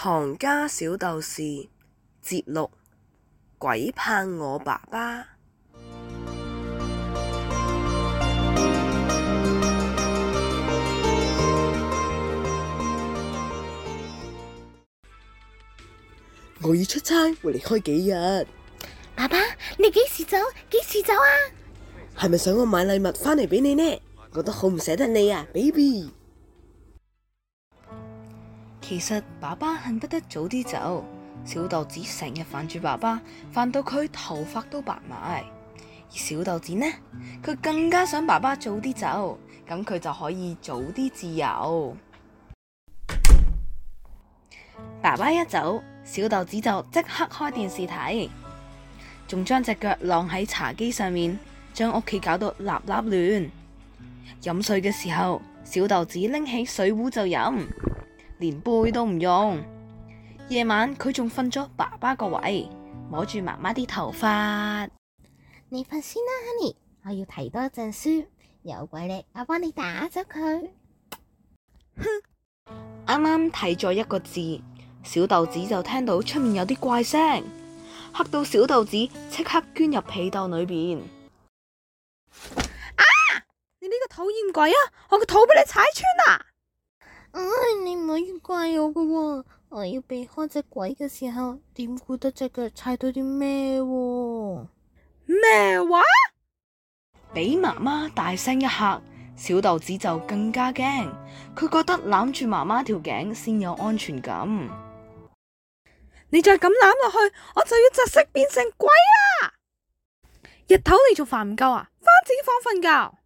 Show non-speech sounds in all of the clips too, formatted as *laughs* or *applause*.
《唐家小豆事》節錄：鬼怕我爸爸，我要出差，會離開幾日。爸爸，你幾時走？幾時走啊？係咪想我買禮物返嚟畀你呢？我都好唔捨得你啊，baby。其實爸爸恨不得早啲走，小豆子成日煩住爸爸，煩到佢頭髮都白埋。而小豆子呢，佢更加想爸爸早啲走，咁佢就可以早啲自由。爸爸一走，小豆子就即刻開電視睇，仲將隻腳晾喺茶幾上面，將屋企搞到立立亂。飲水嘅時候，小豆子拎起水壺就飲。連背都唔用，夜晚佢仲瞓咗爸爸個位，摸住媽媽啲頭髮。你瞓先啦，Honey，我要睇多一陣書。有鬼嚟，我幫你打咗佢。哼！啱啱睇咗一個字，小豆子就聽到出面有啲怪聲，嚇到小豆子即刻鑽入被竇裏邊。啊！你呢個討厭鬼啊！我個肚俾你踩穿啦，啊！唉，你唔可以怪我㗎喎，我要避開隻鬼嘅時候，點顧得隻腳踩到啲咩喎？咩話？俾媽媽大聲一吓，小豆子就更加驚，佢覺得攬住媽媽條頸先有安全感。你再咁攬落去，我就要窒息變成鬼啦！日頭你做飯唔夠啊，返自己房瞓覺。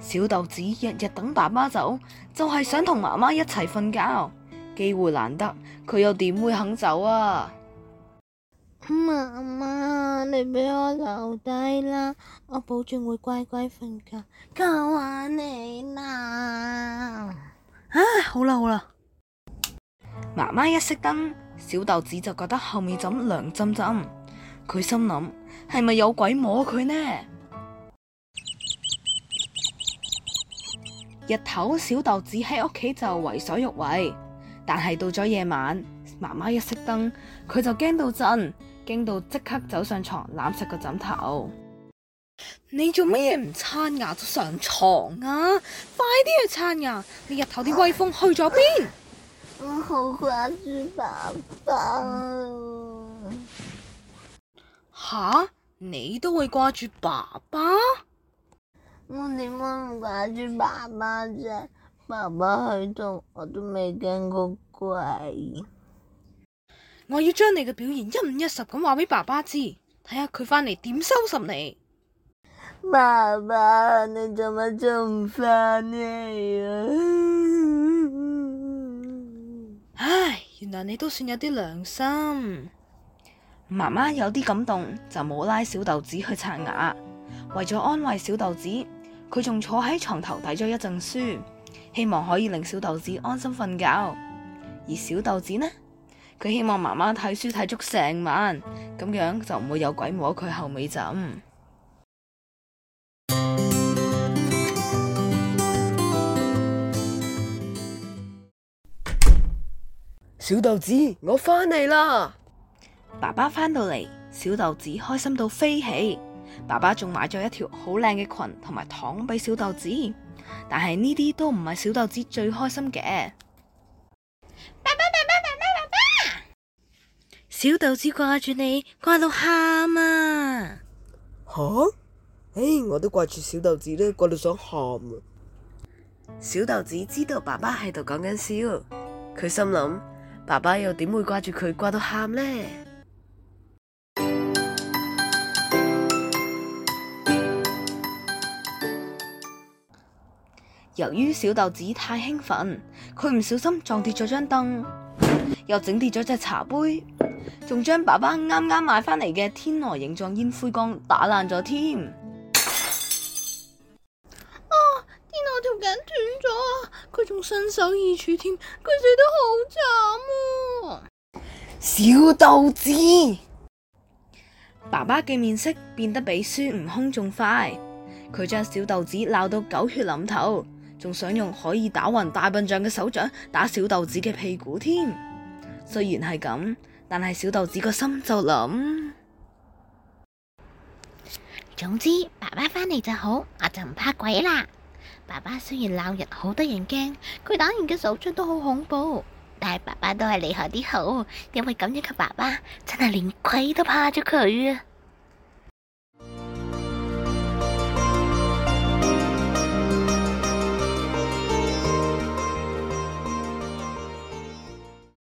小豆子日日等爸爸走，就係想同媽媽一齊瞓覺，機會難得，佢又點會肯走啊？媽媽，你俾我留低啦，我保證會乖乖瞓覺，救下你啦！啊，好啦好啦，媽媽一熄燈，小豆子就覺得後面枕涼浸浸。佢心諗係咪有鬼摸佢呢？日頭小豆子喺屋企就為所欲為，但係到咗夜晚，媽媽一熄燈，佢就驚到震，驚到即刻走上床攬實個枕頭。你做乜嘢唔刷牙就上床啊？快啲去刷牙！你日頭啲威風去咗邊？我好掛住爸爸！吓，你都會掛住爸爸？我點解唔掛住爸爸啫？爸爸去到我都未驚過鬼。我要將你嘅表現一五一十咁話俾爸爸知，睇下佢返嚟點收拾你。爸爸，你做乜做唔返嚟啊？ *laughs* 唉，原來你都算有啲良心。媽媽有啲感動，就冇拉小豆子去刷牙，為咗安慰小豆子。佢仲坐喺床頭睇咗一陣書，希望可以令小豆子安心瞓覺。而小豆子呢，佢希望媽媽睇書睇足成晚，咁樣就唔會有鬼摸佢後尾枕。小豆子，我返嚟啦！爸爸返到嚟，小豆子開心到飛起。爸爸仲買咗一條好靚嘅裙同埋糖俾小豆子，但係呢啲都唔係小豆子最開心嘅。爸爸爸爸爸爸爸爸，爸爸小豆子掛住你，掛到喊啊！吓、啊？誒，我都掛住小豆子啦，掛到想喊啊！小豆子知道爸爸喺度講緊笑，佢心諗：爸爸又點會掛住佢掛到喊呢？由於小豆子太興奮，佢唔小心撞跌咗張凳，又整跌咗隻茶杯，仲將爸爸啱啱買翻嚟嘅天鵝形狀煙灰缸打爛咗添。啊！天鵝條頸斷咗啊！佢仲身首異處添！佢死得好慘啊！小豆子，爸爸嘅面色變得比孫悟空仲快，佢將小豆子鬧到狗血淋頭。仲想用可以打暈大笨象嘅手掌打小豆子嘅屁股添，雖然係咁，但係小豆子個心就諗，總之爸爸返嚟就好，我就唔怕鬼啦。爸爸雖然鬧人好得人驚，佢打完嘅手掌都好恐怖，但係爸爸都係厲害啲好，因為咁樣嘅爸爸真係連鬼都怕咗佢啊。